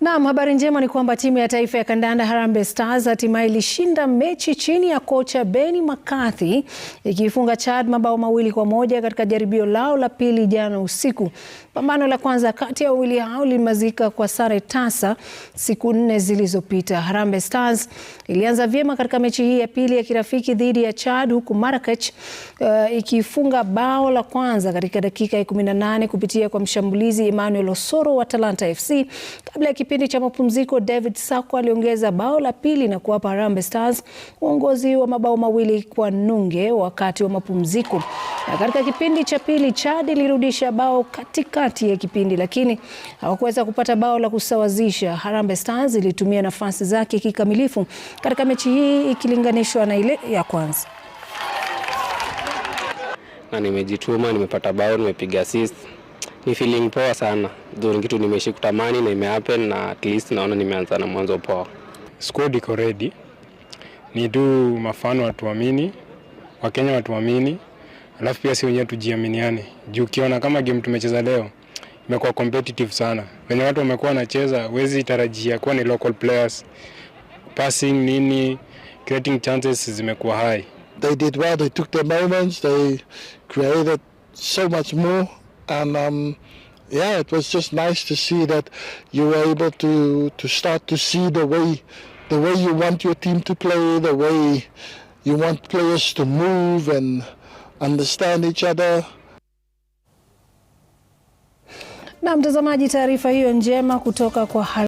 Naam, habari njema ni kwamba timu ya taifa ya kandanda Harambee Stars hatimaye ilishinda mechi chini ya kocha Benni McCarthy ikiifunga Chad mabao mawili kwa moja katika jaribio lao la pili jana usiku. Pambano la kwanza kati ya wawili hao lilimalizika kwa sare tasa siku nne zilizopita. Harambee Stars ilianza vyema katika mechi hii ya pili ya kirafiki dhidi ya Chad huku Marrakech uh, eh, ikifunga bao la kwanza katika dakika ya 18 kupitia kwa mshambulizi Emmanuel Osoro wa Talanta FC kabla ya kipindi cha mapumziko, David Sako aliongeza bao la pili na kuwapa Harambee Stars uongozi wa mabao mawili kwa nunge wakati wa mapumziko. Na katika kipindi cha pili, Chad ilirudisha bao katikati ya kipindi, lakini hawakuweza kupata bao la kusawazisha. Harambee Stars ilitumia nafasi zake kikamilifu katika mechi hii ikilinganishwa na ile ya kwanza. Na nimejituma, nimepata bao, nimepiga assist ni feeling poa sana. Ni kitu nimeishi kutamani na imehappen na at least naona nimeanza na mwanzo poa. Squad iko ready. Ni tu mafano watuamini, Wakenya watuamini, alafu pia si wenyewe tujiaminiane. Juu ukiona kama game tumecheza leo imekuwa competitive sana. Wenye watu wamekuwa wanacheza, wezi tarajia kuwa ni local players. Passing nini, creating chances zimekuwa high. They did well, they took their moments, they created so much more and um, yeah, it was just nice to see that you were able to to start to see the way the way you want your team to play, the way you want players to move and understand each other. Na mtazamaji, taarifa hiyo njema kutoka kwa